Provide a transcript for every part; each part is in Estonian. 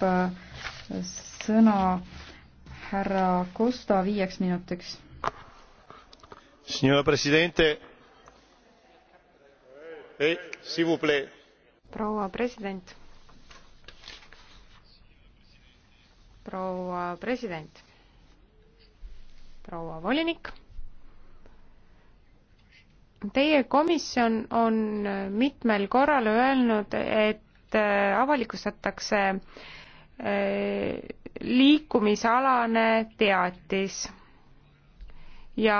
Äh, sõna härra Costa viieks minutiks. Eh, proua president. proua president. proua volinik teie komisjon on mitmel korral öelnud, et äh, avalikustatakse liikumisalane teatis. ja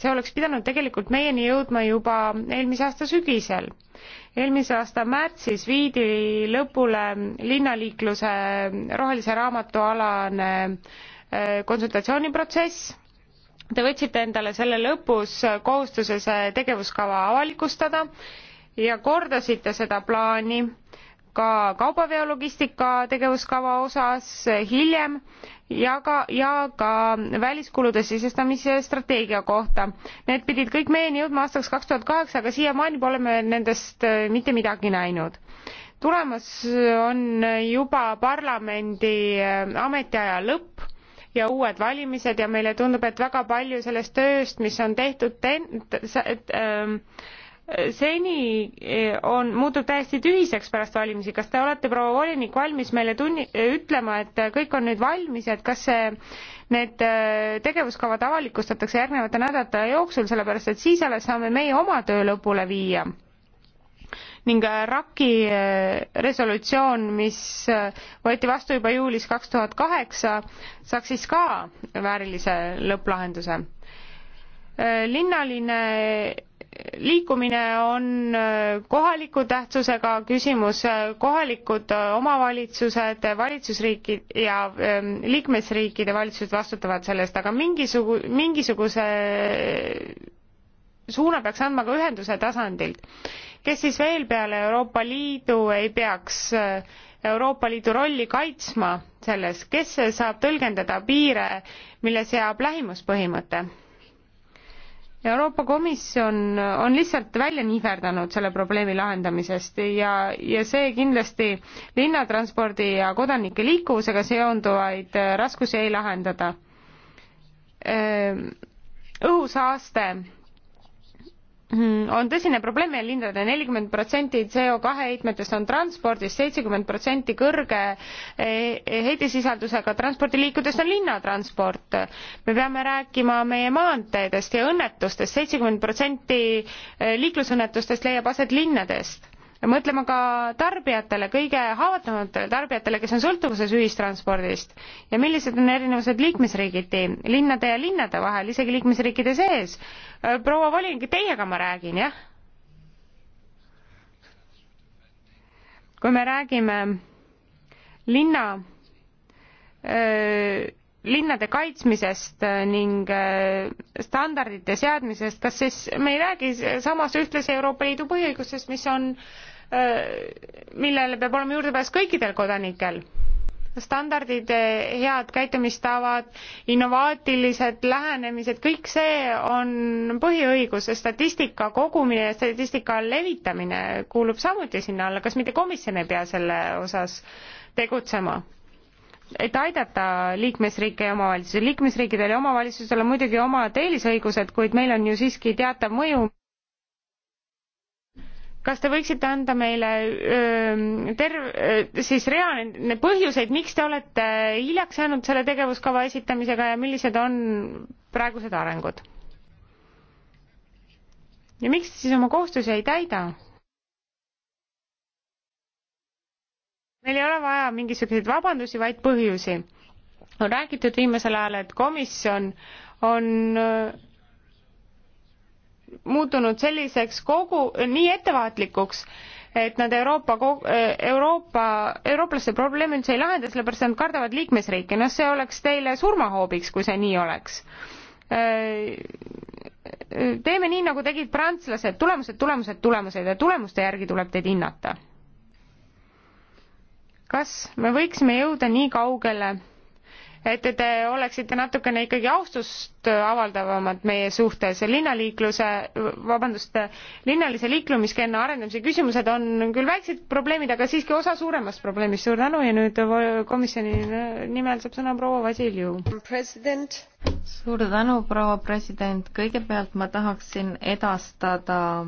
see oleks pidanud tegelikult meieni jõudma juba eelmise aasta sügisel. eelmise aasta märtsis viidi lõpule linnaliikluse rohelise raamatu alane äh, konsultatsiooniprotsess. Te võtsite endale selle lõpus kohustuse see tegevuskava avalikustada ja kordasite seda plaani ka kaubaveologistika tegevuskava osas hiljem ja ka, ja ka väliskulude sisestamise strateegia kohta. Need pidid kõik meieni jõudma aastaks kaks tuhat kaheksa, aga siiamaani pole me nendest äh, mitte midagi näinud. tulemas on juba parlamendi äh, ametiaja lõpp ja uued valimised ja meile tundub, et väga palju sellest tööst, mis on tehtud ten-, t-, t-, t-, t-, t-, t-, t-, t-, t-, t seni eh, on, muutub täiesti tühiseks pärast valimisi. kas te olete, proua volinik, valmis meile tunni-, eh, ütlema, et eh, kõik on nüüd valmis, et kas see, need tegevuskavad avalikustatakse järgnevate nädalate jooksul, sellepärast et siis alles saame meie oma töö lõpule viia? ning RAK-i resolutsioon, mis võeti vastu juba juulis kaks tuhat kaheksa, saaks siis ka väärilise lõpplahenduse. linnaline liikumine on äh, kohaliku tähtsusega küsimus, äh, kohalikud äh, omavalitsused, valitsusriikid ja ähm, liikmesriikide valitsused vastutavad selle eest, aga mingisugu-, mingisuguse suuna peaks andma ka ühenduse tasandilt. kes siis veel peale Euroopa Liidu ei peaks Euroopa Liidu rolli kaitsma selles, kes saab tõlgendada piire, mille seab lähimuspõhimõte? Euroopa Komisjon on lihtsalt välja nihverdanud selle probleemi lahendamisest ja, ja see kindlasti linnatranspordi ja kodanike liikuvusega seonduvaid raskusi ei lahendada. õhusaaste Hmm, on tõsine probleem meie linnadel, nelikümmend protsenti CO kahe heitmetest on transpordis, seitsekümmend protsenti kõrge e, e, heidesisaldusega transpordiliikudest on linnatransport. me peame rääkima meie maanteedest ja õnnetustest, seitsekümmend protsenti e, liiklusõnnetustest leiab aset linnadest mõtlema ka tarbijatele, kõige haavatavamatele tarbijatele, kes on sõltuvuses ühistranspordist ja millised on erinevused liikmesriigiti, linnade ja linnade vahel, isegi liikmesriikide sees. Äh, proua volinik, teiega ma räägin, jah? kui me räägime linna, äh, linnade kaitsmisest äh, ning standardite seadmisest, kas siis me ei räägi samas ühtlasi Euroopa Liidu põhiõigustest, mis on äh, Äh, millele peab olema juurdepääs kõikidel kodanikel standardid, head käitumistavad, innovaatilised lähenemised, kõik see on põhiõigus ja statistika kogumine ja statistika levitamine kuulub samuti sinna alla, kas mitte komisjon ei pea selle osas tegutsema? et aidata liikmesriike ja omavalitsusi, liikmesriikidel ja omavalitsusel on muidugi omad eelisõigused, kuid meil on ju siiski teatav mõju kas te võiksite anda meile terv-, siis rea neid põhjuseid, miks te olete hiljaks jäänud selle tegevuskava esitamisega ja millised on praegused arengud? ja miks te siis oma kohustusi ei täida? meil ei ole vaja mingisuguseid vabandusi, vaid põhjusi. on räägitud viimasel ajal, et komisjon on, on muutunud selliseks kogu, nii ettevaatlikuks, et nad Euroopa, Euroopa, eurooplaste probleemi üldse ei lahenda, sellepärast nad kardavad liikmesriike, noh, see oleks teile surmahoobiks, kui see nii oleks. teeme nii, nagu tegid prantslased, tulemused, tulemused, tulemused ja tulemuste järgi tuleb teid hinnata. kas me võiksime jõuda nii kaugele, et te oleksite natukene ikkagi austust avaldavamad meie suhtes. linnaliikluse, vabandust, linnalise liiklumiskenna arendamise küsimused on küll väiksed probleemid, aga siiski osa suuremast probleemist. suur tänu ja nüüd komisjoni nimel saab sõna proua Vasiljev. suur tänu, proua president. kõigepealt ma tahaksin edastada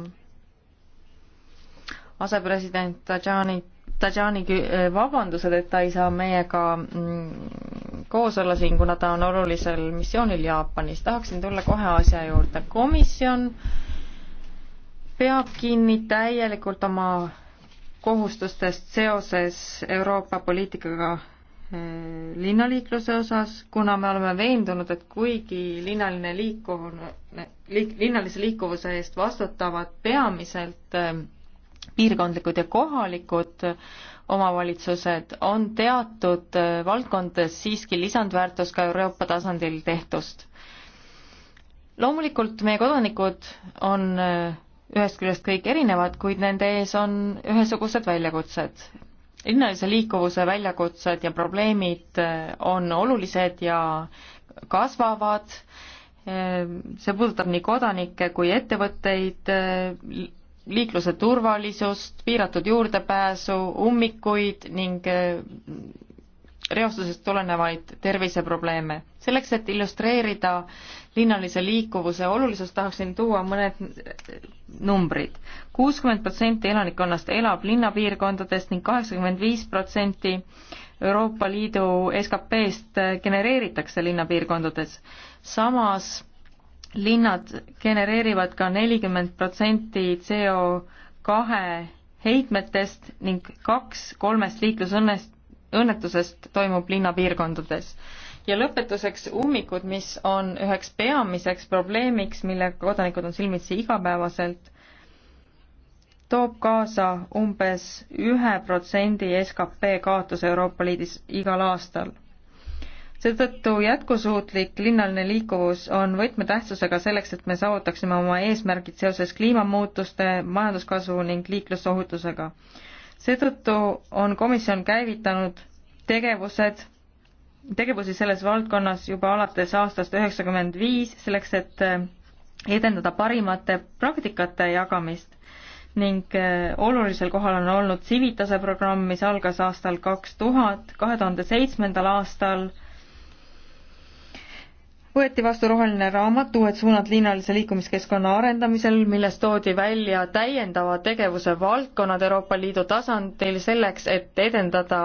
asepresident Tajani Tajani vabandused, et ta ei saa meiega mm, koos olla siin, kuna ta on olulisel missioonil Jaapanis. tahaksin tulla kohe asja juurde. komisjon peab kinni täielikult oma kohustustest seoses Euroopa poliitikaga eh, linnaliikluse osas, kuna me oleme veendunud, et kuigi linnaline liikuvune liik,, linnalise liikuvuse eest vastutavad peamiselt eh, piirkondlikud ja kohalikud omavalitsused, on teatud äh, valdkondades siiski lisandväärtus ka Euroopa tasandil tehtust. loomulikult meie kodanikud on äh, ühest küljest kõik erinevad, kuid nende ees on ühesugused väljakutsed. linnalise liikuvuse väljakutsed ja probleemid äh, on olulised ja kasvavad, see puudutab nii kodanikke kui ettevõtteid, liikluse turvalisust, piiratud juurdepääsu, ummikuid ning äh, reostusest tulenevaid terviseprobleeme. selleks, et illustreerida linnalise liikuvuse olulisust, tahaksin tuua mõned äh, numbrid. kuuskümmend protsenti elanikkonnast elab linnapiirkondades ning kaheksakümmend viis protsenti Euroopa Liidu SKP-st äh, genereeritakse linnapiirkondades. samas linnad genereerivad ka nelikümmend protsenti CO kahe heitmetest ning kaks kolmest liiklusõnnest, õnnetusest toimub linnapiirkondades. ja lõpetuseks ummikud, mis on üheks peamiseks probleemiks, millega kodanikud on silmitsi igapäevaselt, toob kaasa umbes ühe protsendi skp kaotuse Euroopa Liidis igal aastal seetõttu jätkusuutlik linnaline liikuvus on võtmetähtsusega selleks, et me saavutaksime oma eesmärgid seoses kliimamuutuste, majanduskasvu ning liiklusohutusega. seetõttu on komisjon käivitanud tegevused, tegevusi selles valdkonnas juba alates aastast üheksakümmend viis, selleks et eh, edendada parimate praktikate jagamist ning eh, olulisel kohal on olnud Civitase programm, mis algas aastal kaks tuhat, kahe tuhande seitsmendal aastal võeti vastu roheline raamat Uued suunad linnalise liikumiskeskkonna arendamisel, milles toodi välja täiendava tegevuse valdkonnad Euroopa Liidu tasandil selleks, et edendada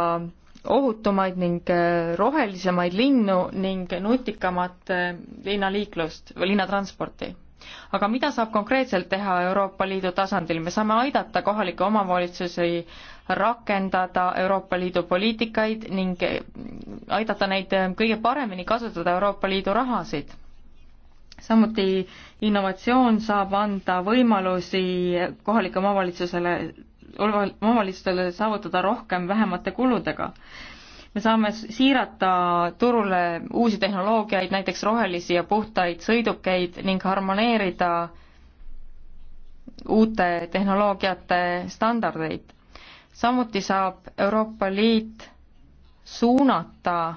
ohutumaid ning äh, rohelisemaid linnu ning nutikamat äh, linnaliiklust või linnatransporti aga mida saab konkreetselt teha Euroopa Liidu tasandil, me saame aidata kohalikke omavalitsusi rakendada Euroopa Liidu poliitikaid ning aidata neid kõige paremini kasutada Euroopa Liidu rahasid. samuti innovatsioon saab anda võimalusi kohalike omavalitsusele, omavalitsustele saavutada rohkem vähemate kuludega me saame siirata turule uusi tehnoloogiaid, näiteks rohelisi ja puhtaid sõidukeid ning harmoneerida uute tehnoloogiate standardeid. samuti saab Euroopa Liit suunata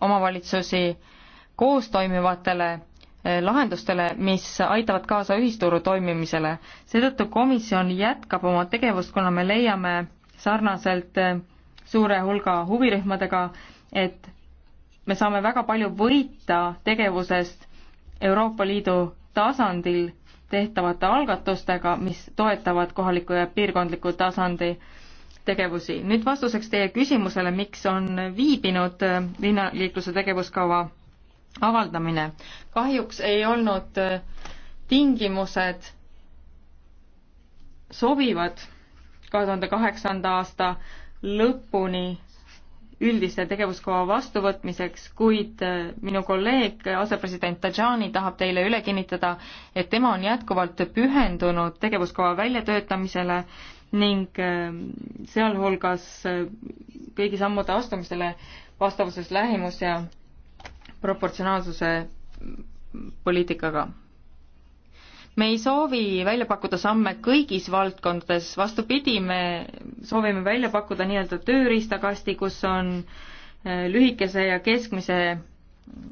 omavalitsusi koos toimivatele eh, lahendustele, mis aitavad kaasa ühisturu toimimisele. seetõttu komisjon jätkab oma tegevust, kuna me leiame sarnaselt eh, suure hulga huvirühmadega, et me saame väga palju võita tegevusest Euroopa Liidu tasandil tehtavate algatustega, mis toetavad kohaliku ja piirkondliku tasandi tegevusi. nüüd vastuseks teie küsimusele, miks on viibinud linnaliikluse tegevuskava avaldamine. kahjuks ei olnud tingimused sobivad kahe tuhande kaheksanda aasta lõpuni üldise tegevuskava vastuvõtmiseks, kuid äh, minu kolleeg, asepresident Tajani tahab teile üle kinnitada, et tema on jätkuvalt pühendunud tegevuskava väljatöötamisele ning äh, sealhulgas äh, kõigi sammude astumisele vastavuses lähimus- ja proportsionaalsuse poliitikaga me ei soovi välja pakkuda samme kõigis valdkondades, vastupidi, me soovime välja pakkuda nii-öelda tööriistakasti, kus on äh, lühikese ja keskmise mm,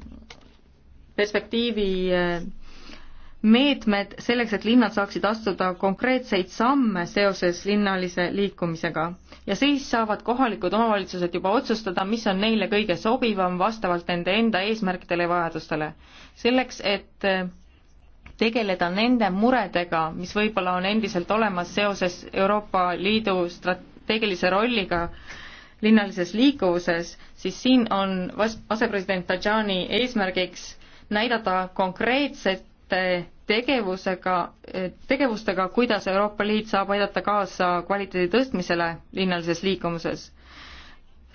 perspektiivi äh, meetmed selleks, et linnad saaksid astuda konkreetseid samme seoses linnalise liikumisega. ja siis saavad kohalikud omavalitsused juba otsustada, mis on neile kõige sobivam vastavalt nende enda eesmärkidele ja vajadustele. selleks, et äh, tegeleda nende muredega, mis võib-olla on endiselt olemas seoses Euroopa Liidu strateegilise rolliga linnalises liikuvuses, siis siin on asepresident Tajani eesmärgiks näidata konkreetsete tegevusega, tegevustega, kuidas Euroopa Liit saab aidata kaasa kvaliteedi tõstmisele linnalises liikumises.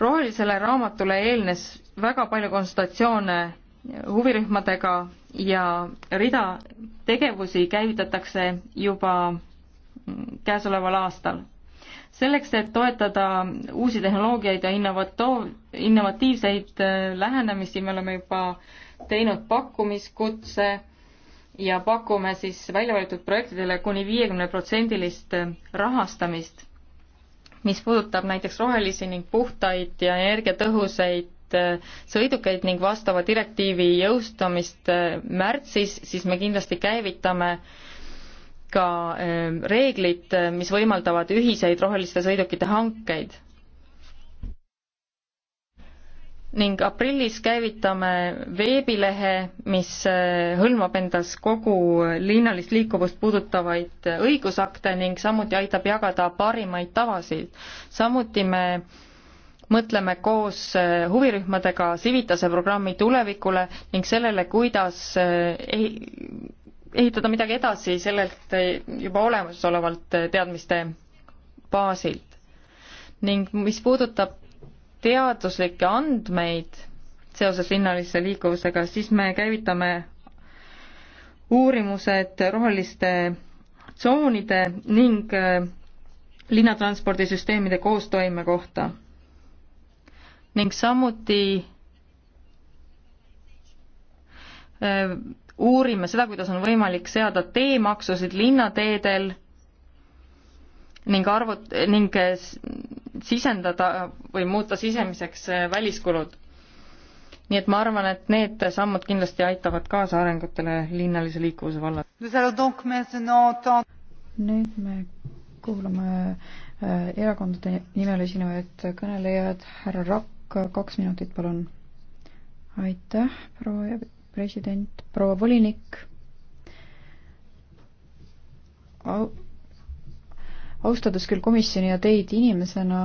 rohelisele raamatule eelnes väga palju konsultatsioone huvirühmadega ja rida tegevusi käivitatakse juba käesoleval aastal. selleks, et toetada uusi tehnoloogiaid ja innovatoo-, innovatiivseid äh, lähenemisi, me oleme juba teinud pakkumiskutse ja pakume siis välja valitud projektidele kuni viiekümne protsendilist äh, rahastamist, mis puudutab näiteks rohelisi ning puhtaid ja energiatõhusaid neid äh, sõidukeid ning vastava direktiivi jõustamist äh, märtsis, siis me kindlasti käivitame ka äh, reeglid, mis võimaldavad ühiseid roheliste sõidukite hankeid. ning aprillis käivitame veebilehe, mis hõlmab endas kogu linnalist liikuvust puudutavaid õigusakte ning samuti aitab jagada parimaid tavasid. samuti me mõtleme koos eh, huvirühmadega Civitase programmi tulevikule ning sellele, kuidas eh, ehitada midagi edasi sellelt eh, juba olemasolevalt teadmiste baasilt. ning mis puudutab teaduslikke andmeid seoses linnalise liikuvusega, siis me käivitame uurimused roheliste tsoonide ning linnatranspordisüsteemide koostoime kohta ning samuti äh, uurime seda, kuidas on võimalik seada teemaksusid linnateedel ning arvut-, ning äh, sisendada või muuta sisemiseks äh, väliskulud. nii et ma arvan, et need sammud kindlasti aitavad kaasa arengutele linnalise liikuvuse vallas. nüüd me kuulame erakondade nimel esinevaid kõnelejaid, härra Rapp Tänak, kaks minutit, palun. aitäh, proua president, proua volinik Au austades küll komisjoni ja teid inimesena,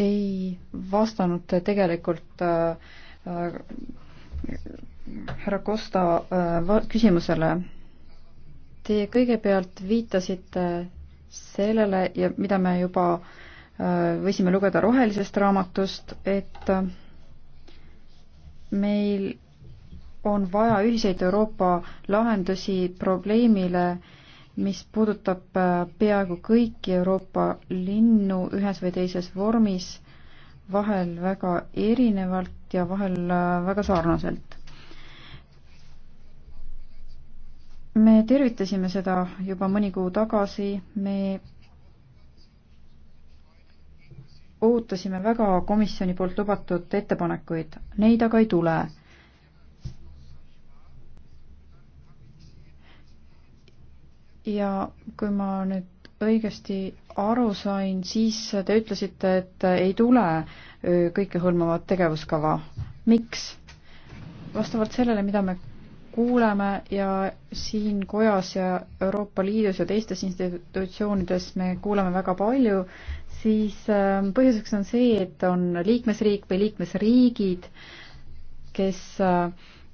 ei vastanud te tegelikult äh, härra äh, Kosta äh, küsimusele. Te kõigepealt viitasite sellele ja mida me juba äh, võisime lugeda rohelisest raamatust, et äh, meil on vaja ühiseid Euroopa lahendusi probleemile, mis puudutab äh, peaaegu kõiki Euroopa linnu ühes või teises vormis, vahel väga erinevalt ja vahel äh, väga sarnaselt. me tervitasime seda juba mõni kuu tagasi, me ootasime väga komisjoni poolt lubatud ettepanekuid, neid aga ei tule. ja kui ma nüüd õigesti aru sain, siis te ütlesite, et ei tule kõikehõlmavat tegevuskava. miks? vastavalt sellele, mida me kuuleme ja siin kojas ja Euroopa Liidus ja teistes institutsioonides me kuuleme väga palju, siis ähm, põhjuseks on see, et on liikmesriik või liikmesriigid, kes äh,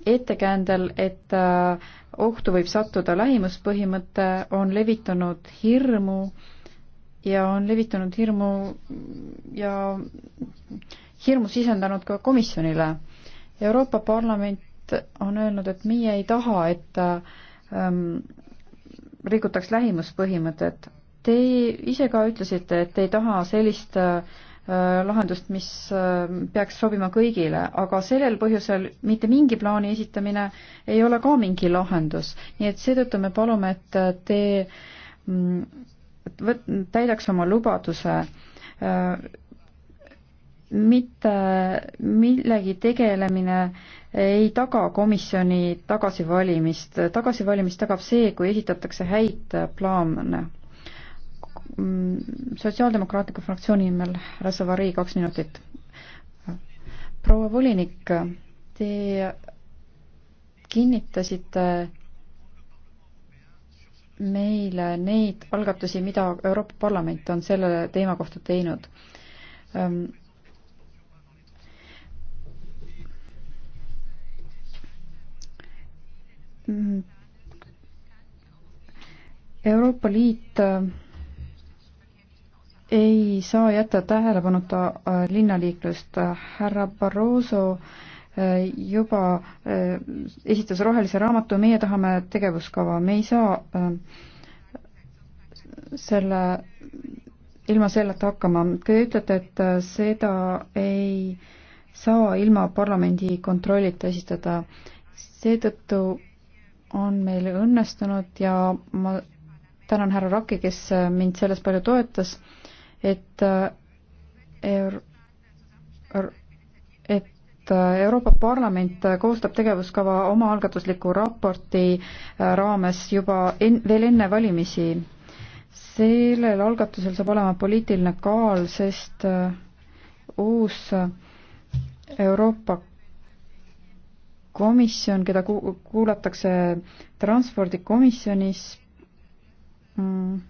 ettekäändel, et äh, ohtu võib sattuda lähimuspõhimõte, on levitanud hirmu ja on levitanud hirmu ja hirmu sisendanud ka komisjonile. Euroopa Parlament Liit on öelnud, et meie ei taha, et ähm, rikutaks lähimuspõhimõtet. Te ise ka ütlesite, et te ei taha sellist äh, lahendust, mis äh, peaks sobima kõigile, aga sellel põhjusel mitte mingi plaani esitamine ei ole ka mingi lahendus. nii et seetõttu me palume, et te mm, täidaks oma lubaduse äh, mitte millegi tegelemine ei taga komisjoni tagasivalimist. tagasivalimist tagab see, kui esitatakse häid plaane. sotsiaaldemokraatliku fraktsiooni nimel härra Savari, kaks minutit. proua volinik, te kinnitasite meile neid algatusi, mida Euroopa Parlament on selle teema kohta teinud. Ehm, Mm. Euroopa Liit äh, ei saa jätta tähelepanuta äh, linnaliiklust. härra Barroso äh, juba esitas rohelise raamatu, meie tahame tegevuskava, me ei saa selle, ilma selleta hakkama. Te ütlete, et seda ei saa ilma parlamendi kontrollita esitada. seetõttu on meil õnnestunud ja ma tänan härra Raki, kes mind selles palju toetas, et äh, Euro-, et äh, Euroopa Parlament koostab tegevuskava omaalgatusliku raporti äh, raames juba en-, veel enne valimisi. sellel algatusel saab olema poliitiline kaal, sest uus Euroopa komisjon, keda ku-, kuulatakse transpordikomisjonis mm,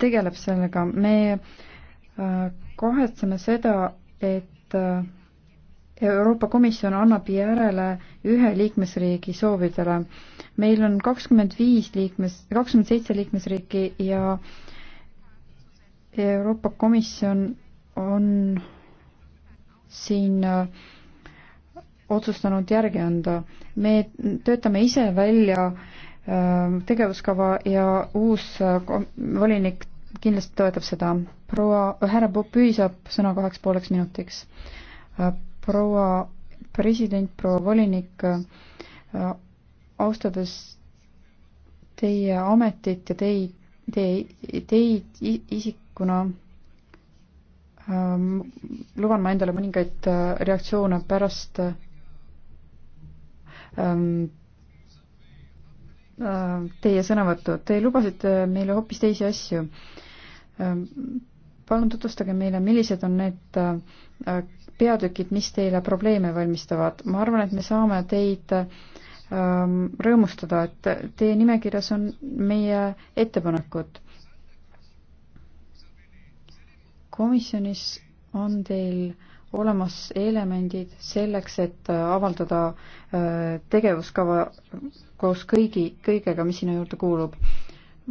tegeleb sellega. me äh, kahetseme seda, et äh, Euroopa Komisjon annab järele ühe liikmesriigi soovidele. meil on kakskümmend viis liikmes, kakskümmend seitse liikmesriiki ja Euroopa Komisjon on siin äh, otsustanud järgi anda. me töötame ise välja äh, tegevuskava ja uus äh, volinik kindlasti toetab seda. proua, härra Popüü saab sõna kaheks pooleks minutiks. proua president, proua volinik, austades teie ametit ja teid, teid, teid isikuna Ähm, luban ma endale mõningaid äh, reaktsioone pärast äh, ähm, äh, teie sõnavõttu. Te lubasite meile hoopis teisi asju. Ähm, palun tutvustage meile, millised on need peatükid, mis teile probleeme valmistavad. ma arvan, et me saame teid rõõmustada, et teie nimekirjas on meie ettepanekud komisjonis on teil olemas elemendid selleks, et äh, avaldada äh, tegevuskava koos kõigi, kõigega, mis sinna juurde kuulub.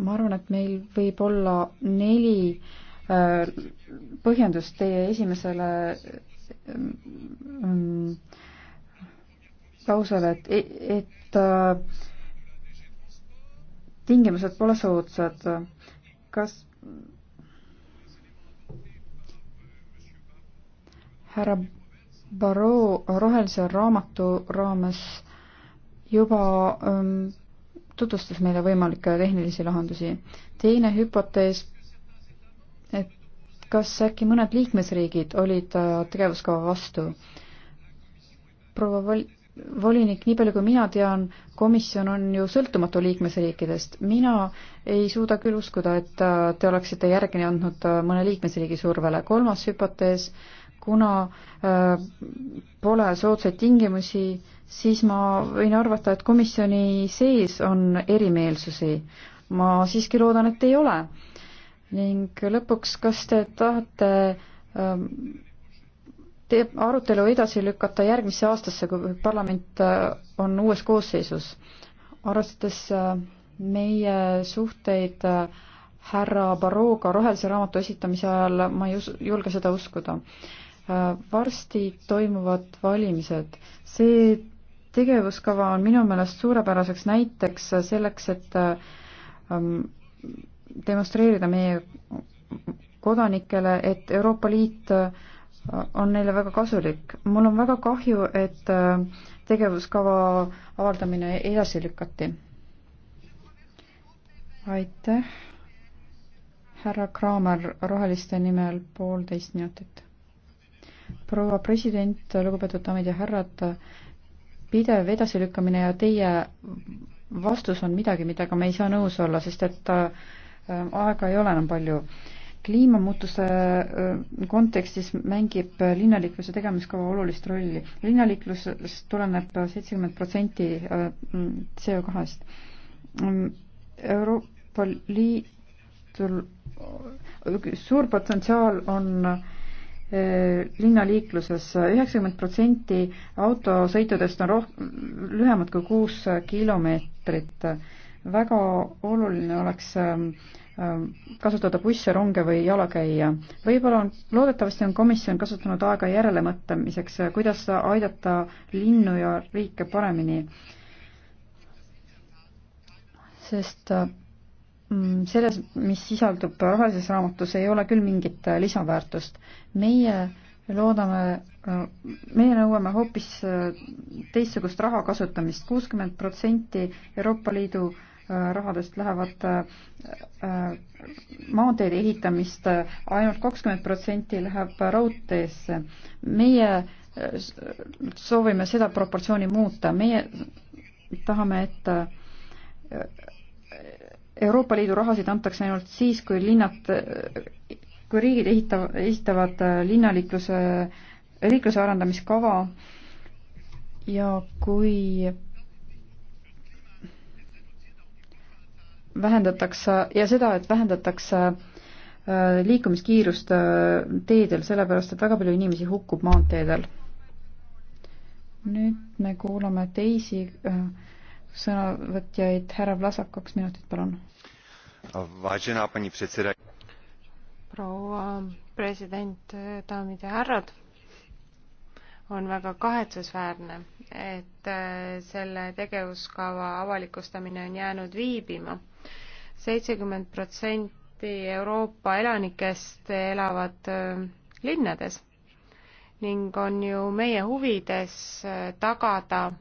ma arvan, et meil võib olla neli äh, põhjendust teie esimesele mm, lausele, et, et tingimused pole soodsad. kas härra Barrot rohelise raamatu raames juba ähm, tutvustas meile võimalikke tehnilisi lahendusi. teine hüpotees, et kas äkki mõned liikmesriigid olid äh, tegevuskava vastu? proua Val-, volinik, nii palju kui mina tean, komisjon on ju sõltumatu liikmesriikidest. mina ei suuda küll uskuda, et äh, te oleksite järgi andnud äh, mõne liikmesriigi survele. kolmas hüpotees, kuna pole soodsaid tingimusi, siis ma võin arvata, et komisjoni sees on erimeelsusi. ma siiski loodan, et ei ole. ning lõpuks, kas te tahate teeb arutelu edasi lükata järgmisse aastasse, kui parlament on uues koosseisus. arvestades meie suhteid härra Barroga rohelise raamatu esitamise ajal, ma ei usu, julge seda uskuda varsti toimuvad valimised. see tegevuskava on minu meelest suurepäraseks näiteks selleks, et ähm, demonstreerida meie kodanikele, et Euroopa Liit äh, on neile väga kasulik. mul on väga kahju, et äh, tegevuskava avaldamine edasi lükati. aitäh, härra Kraamer Roheliste nimel poolteist minutit proua president, lugupeetud daamid ja härrad, pidev edasilükkamine ja teie vastus on midagi, millega me ei saa nõus olla, sest et äh, aega ei ole enam palju. kliimamuutuse äh, kontekstis mängib linnaliikluse tegemiskava olulist rolli. linnaliiklusest tuleneb seitsekümmend protsenti äh, CO kahest. Euroopa Liidul suur potentsiaal on äh, Äh, linnaliikluses üheksakümmend protsenti autosõitudest on roh-, lühemad kui kuus kilomeetrit. väga oluline oleks ähm, ähm, kasutada busse, ronge või jalakäija. võib-olla on, loodetavasti on komisjon kasutanud aega järelemõtlemiseks, kuidas aidata linnu ja riike paremini. sest äh, Mm, selles, mis sisaldub rohelises raamatus, ei ole küll mingit äh, lisaväärtust. meie loodame, äh, meie nõuame hoopis äh, teistsugust raha kasutamist, kuuskümmend protsenti Euroopa Liidu rahadest lähevad maanteede ehitamist ainult, ainult kakskümmend protsenti läheb raudteesse. meie soovime seda proportsiooni muuta, meie tahame, et Euroopa Liidu rahasid antakse ainult siis, kui linnad, kui riigid ehitav, esitavad äh, linnaliikluse, liikluse arendamiskava ja kui vähendatakse ja seda, et vähendatakse äh, liikumiskiirust äh, teedel, sellepärast et väga palju inimesi hukkub maanteedel. nüüd me kuulame teisi äh, sõnavõtjaid, härra Vlasak, kaks minutit, palun. proua president, daamid ja härrad, on väga kahetsusväärne, et äh, selle tegevuskava avalikustamine on jäänud viibima. seitsekümmend protsenti Euroopa elanikest elavad äh, linnades ning on ju meie huvides äh, tagada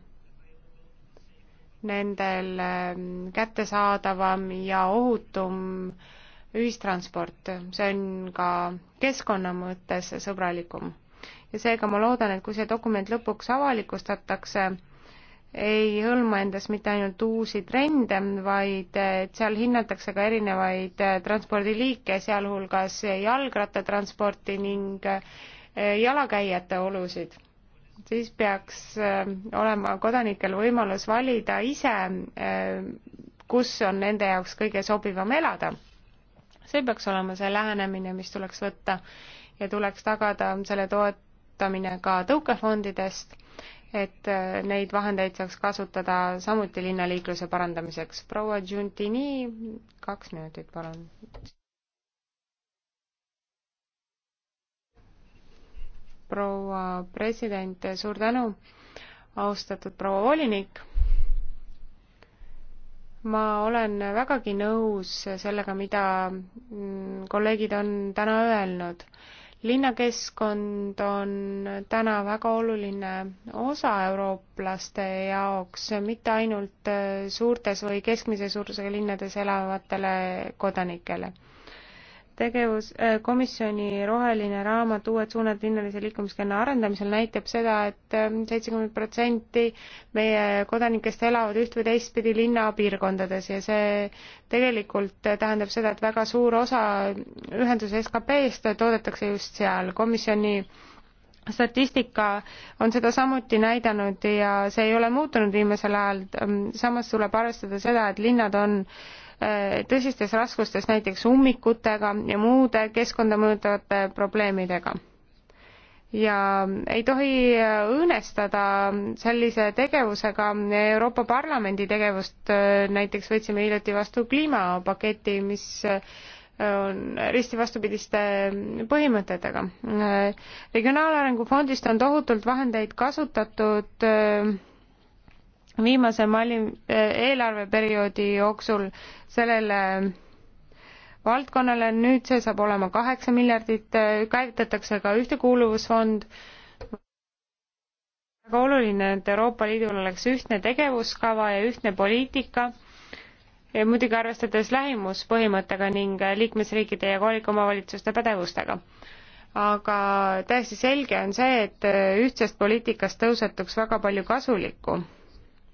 nendel ähm, kättesaadavam ja ohutum ühistransport, see on ka keskkonna mõttes sõbralikum. ja seega ma loodan, et kui see dokument lõpuks avalikustatakse, ei hõlma endas mitte ainult uusi trende, vaid et seal hinnatakse ka erinevaid äh, transpordiliike, sealhulgas jalgrattatransporti ning äh, jalakäijate olusid siis peaks äh, olema kodanikel võimalus valida ise, äh, kus on nende jaoks kõige sobivam elada. see peaks olema see lähenemine, mis tuleks võtta ja tuleks tagada selle toetamine ka tõukefondidest, et äh, neid vahendeid saaks kasutada samuti linnaliikluse parandamiseks. proua Giuntini, kaks minutit, palun. proua president, suur tänu, austatud proua volinik. ma olen vägagi nõus sellega, mida mm, kolleegid on täna öelnud. linnakeskkond on täna väga oluline osa eurooplaste jaoks, mitte ainult suurtes või keskmise suurusega linnades elavatele kodanikele tegevus, äh, komisjoni roheline raamat Uued suunad linnalise liikumiskonna arendamisel näitab seda et, et ähm, seitsekümmend protsenti meie kodanikest elavad üht või teistpidi linnapiirkondades ja see tegelikult tähendab seda, et väga suur osa ühenduse SKP-st toodetakse just seal. komisjoni statistika on seda samuti näidanud ja see ei ole muutunud viimasel ajal, samas tuleb arvestada seda, et linnad on äh, Äh, tõsistes raskustes näiteks ummikutega ja muude keskkonda mõjutavate probleemidega. ja ei tohi äh, õõnestada sellise tegevusega Euroopa Parlamendi tegevust, äh, näiteks võtsime hiljuti vastu kliimapaketi, mis on risti vastupidiste põhimõtetega. regionaalarengu fondist on tohutult vahendeid kasutatud viimase Mali eh, eelarveperioodi jooksul sellele valdkonnale, nüüd see saab olema kaheksa miljardit, eh, käivitatakse ka ühtekuuluvusfond. väga oluline, et Euroopa Liidul oleks ühtne tegevuskava ja ühtne poliitika ja muidugi arvestades lähimuspõhimõttega ning liikmesriikide ja kohalike omavalitsuste pädevustega. aga täiesti selge on see, et eh, ühtsest poliitikast tõusetuks väga palju kasulikku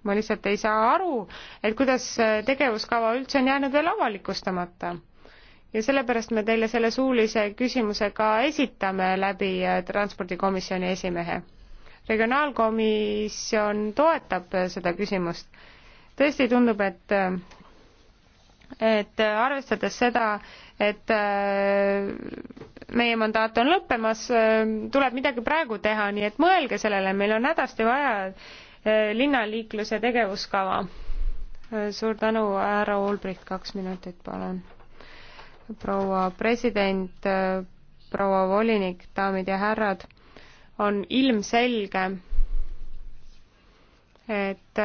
ma lihtsalt ei saa aru, et kuidas tegevuskava üldse on jäänud veel avalikustamata. ja sellepärast me teile selle suulise küsimuse ka esitame läbi äh, Transpordikomisjoni esimehe. regionaalkomisjon toetab äh, seda küsimust. tõesti tundub, et äh, et arvestades seda, et meie mandaat on lõppemas, tuleb midagi praegu teha, nii et mõelge sellele, meil on hädasti vaja Eh, linnaliikluse tegevuskava. Eh, suur tänu, härra Ulbricht, kaks minutit, palun. proua president, eh, proua volinik, daamid ja härrad, on ilmselge, et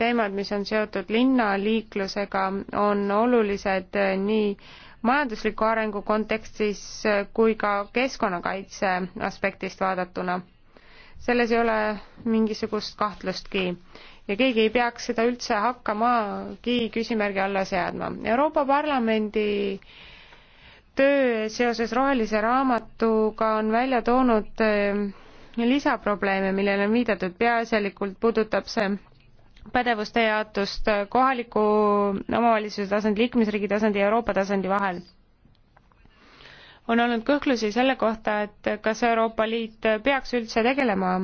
teemad, mis on seotud linnaliiklusega, on olulised nii majandusliku arengu kontekstis kui ka keskkonnakaitse aspektist vaadatuna selles ei ole mingisugust kahtlustki ja keegi ei peaks seda üldse hakkamagi küsimärgi alla seadma. Euroopa Parlamendi töö seoses rohelise raamatuga on välja toonud eh, lisaprobleeme, millele on viidatud, peaasjalikult puudutab see pädevuste jaotust kohaliku omavalitsuse tasandi, liikmesriigi tasandi ja Euroopa tasandi vahel on olnud kõhklusi selle kohta, et kas Euroopa Liit peaks üldse tegelema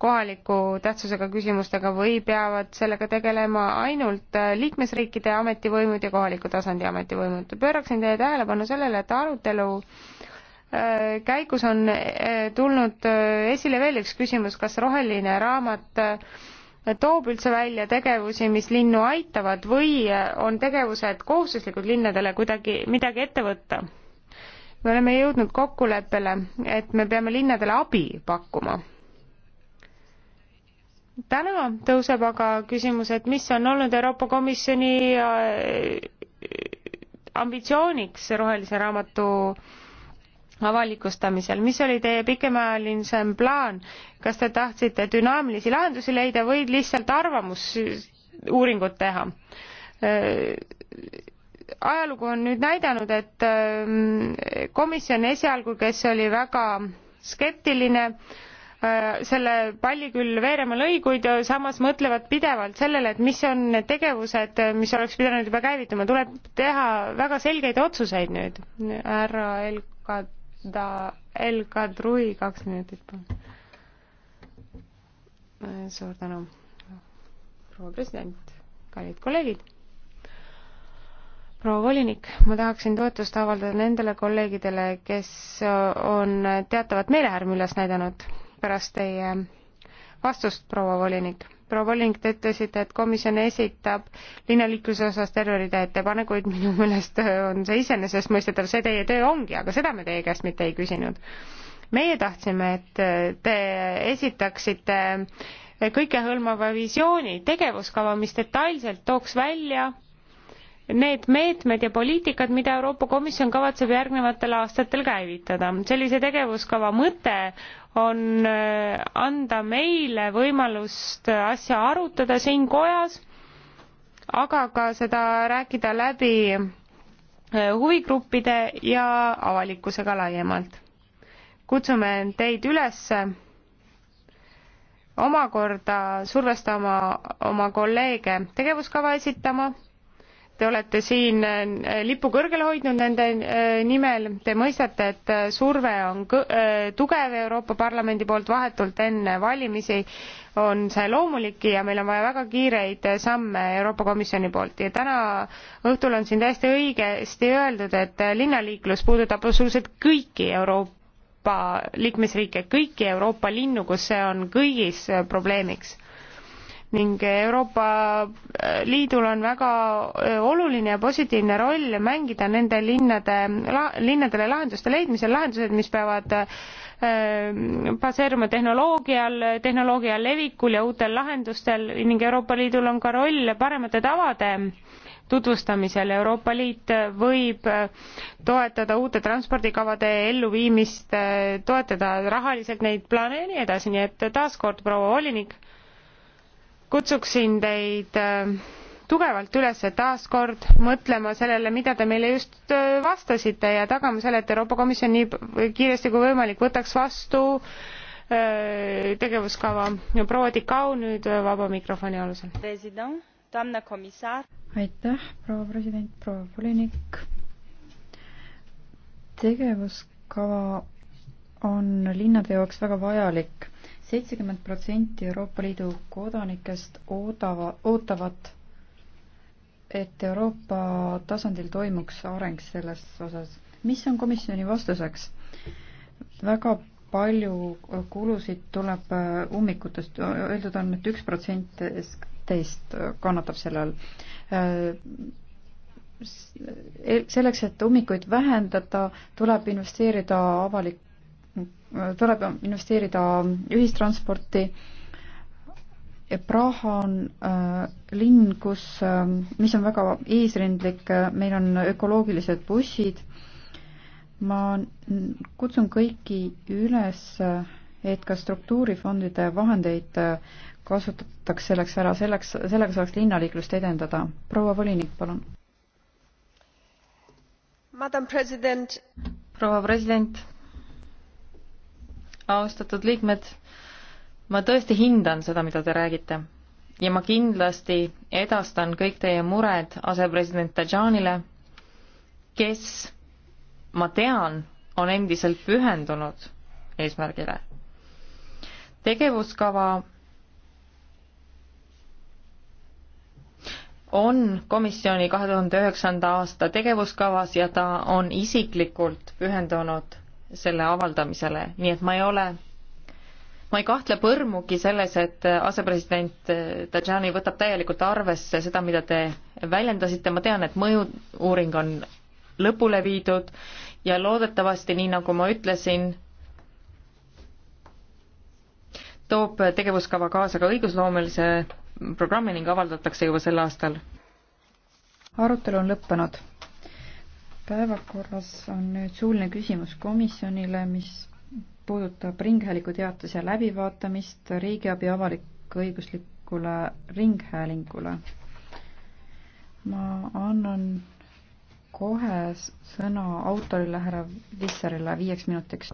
kohaliku tähtsusega küsimustega või peavad sellega tegelema ainult liikmesriikide ametivõimud ja kohaliku tasandi ametivõimud. pööraksin teie tähelepanu sellele, et arutelu äh, käigus on äh, tulnud äh, esile veel üks küsimus, kas roheline raamat toob üldse välja tegevusi, mis linnu aitavad või on tegevused kohustuslikud linnadele kuidagi midagi ette võtta? me oleme jõudnud kokkuleppele, et me peame linnadele abi pakkuma. täna tõuseb aga küsimus, et mis on olnud Euroopa Komisjoni äh, ambitsiooniks rohelise raamatu avalikustamisel, mis oli teie pikemaajalisem plaan, kas te tahtsite dünaamilisi lahendusi leida või lihtsalt arvamusuuringut äh, teha? Äh, ajalugu on nüüd näidanud, et ähm, komisjon esialgu, kes oli väga skeptiline, äh, selle palli küll veerema lõi, kuid samas mõtlevad pidevalt sellele, et mis on need tegevused, mis oleks pidanud juba käivituma, tuleb teha väga selgeid otsuseid nüüd. härra Elkada, Elkadrui, kaks minutit palun. suur tänu, proua president, kallid kolleegid proua volinik, ma tahaksin toetust avaldada nendele kolleegidele, kes on teatavat meelehärmi üles näidanud pärast teie vastust, proua volinik. proua volinik, te ütlesite, et komisjon esitab linnaliikluse osas terve rida ettepanekuid, minu meelest on see iseenesestmõistetav, see teie töö ongi, aga seda me teie käest mitte ei küsinud. meie tahtsime, et te esitaksite kõikehõlmava visiooni, tegevuskava, mis detailselt tooks välja need meetmed ja poliitikad, mida Euroopa Komisjon kavatseb järgnevatel aastatel käivitada. sellise tegevuskava mõte on äh, anda meile võimalust asja arutada siin kojas, aga ka seda rääkida läbi äh, huvigruppide ja avalikkusega laiemalt. kutsume teid üles omakorda survestama oma kolleege tegevuskava esitama Te olete siin äh, lipu kõrgel hoidnud nende äh, nimel, te mõistate, et äh, surve on tugev Euroopa Parlamendi poolt vahetult enne valimisi, on see loomulik ja meil on vaja väga kiireid samme Euroopa Komisjoni poolt ja täna õhtul on siin täiesti õigesti öeldud, et linnaliiklus puudutab absoluutselt kõiki Euroopa liikmesriike, kõiki Euroopa linnu, kus see on kõigis probleemiks ning Euroopa äh, Liidul on väga äh, oluline ja positiivne roll mängida nende linnade, linnadele lahenduste leidmisel, lahendused, mis peavad äh, baseeruma tehnoloogial, tehnoloogia levikul ja uutel lahendustel ning Euroopa Liidul on ka roll paremate tavade tutvustamisel. Euroopa Liit võib toetada uute transpordikavade elluviimist, toetada rahaliselt neid plaane ja nii edasi, nii et taaskord, proua volinik, kutsuksin teid äh, tugevalt üles taas kord mõtlema sellele, mida te meile just äh, vastasite ja tagama selle, et Euroopa Komisjon nii kiiresti kui võimalik võtaks vastu äh, tegevuskava. proua Tikau nüüd vaba mikrofoni alusel. aitäh, proua president, proua volinik. tegevuskava on linnade jaoks väga vajalik seitsekümmend protsenti Euroopa Liidu kodanikest oodava, ootavad, et Euroopa tasandil toimuks areng selles osas. mis on komisjoni vastuseks? väga palju kulusid tuleb äh, ummikutest, öeldud on, et üks protsent teist kannatab selle all. Äh, selleks, et ummikuid vähendada, tuleb investeerida avalik, tuleb investeerida ühistransporti. Praha on äh, linn, kus äh,, mis on väga eesrindlik äh,, meil on ökoloogilised bussid. ma kutsun kõiki üles, äh, et ka struktuurifondide vahendeid äh, kasutataks selleks ära, selleks, sellega saaks linnaliiklust edendada. proua volinik, palun. proua president austatud liikmed, ma tõesti hindan seda, mida te räägite ja ma kindlasti edastan kõik teie mured asepresident Tajanile, kes, ma tean, on endiselt pühendunud eesmärgile. tegevuskava on komisjoni kahe tuhande üheksanda aasta tegevuskavas ja ta on isiklikult pühendunud selle avaldamisele, nii et ma ei ole, ma ei kahtle põrmugi selles, et asepresident Tajani võtab täielikult arvesse seda, mida te väljendasite, ma tean, et mõju-uuring on lõpule viidud ja loodetavasti, nii nagu ma ütlesin, toob tegevuskava kaasa ka õigusloomelise programmi ning avaldatakse juba sel aastal. arutelu on lõppenud päevakorras on nüüd suuline küsimus komisjonile, mis puudutab Ringhäälingu teatise läbivaatamist riigiabi avalik-õiguslikule ringhäälingule. ma annan kohe sõna autorile, härra Vissarile viieks minutiks.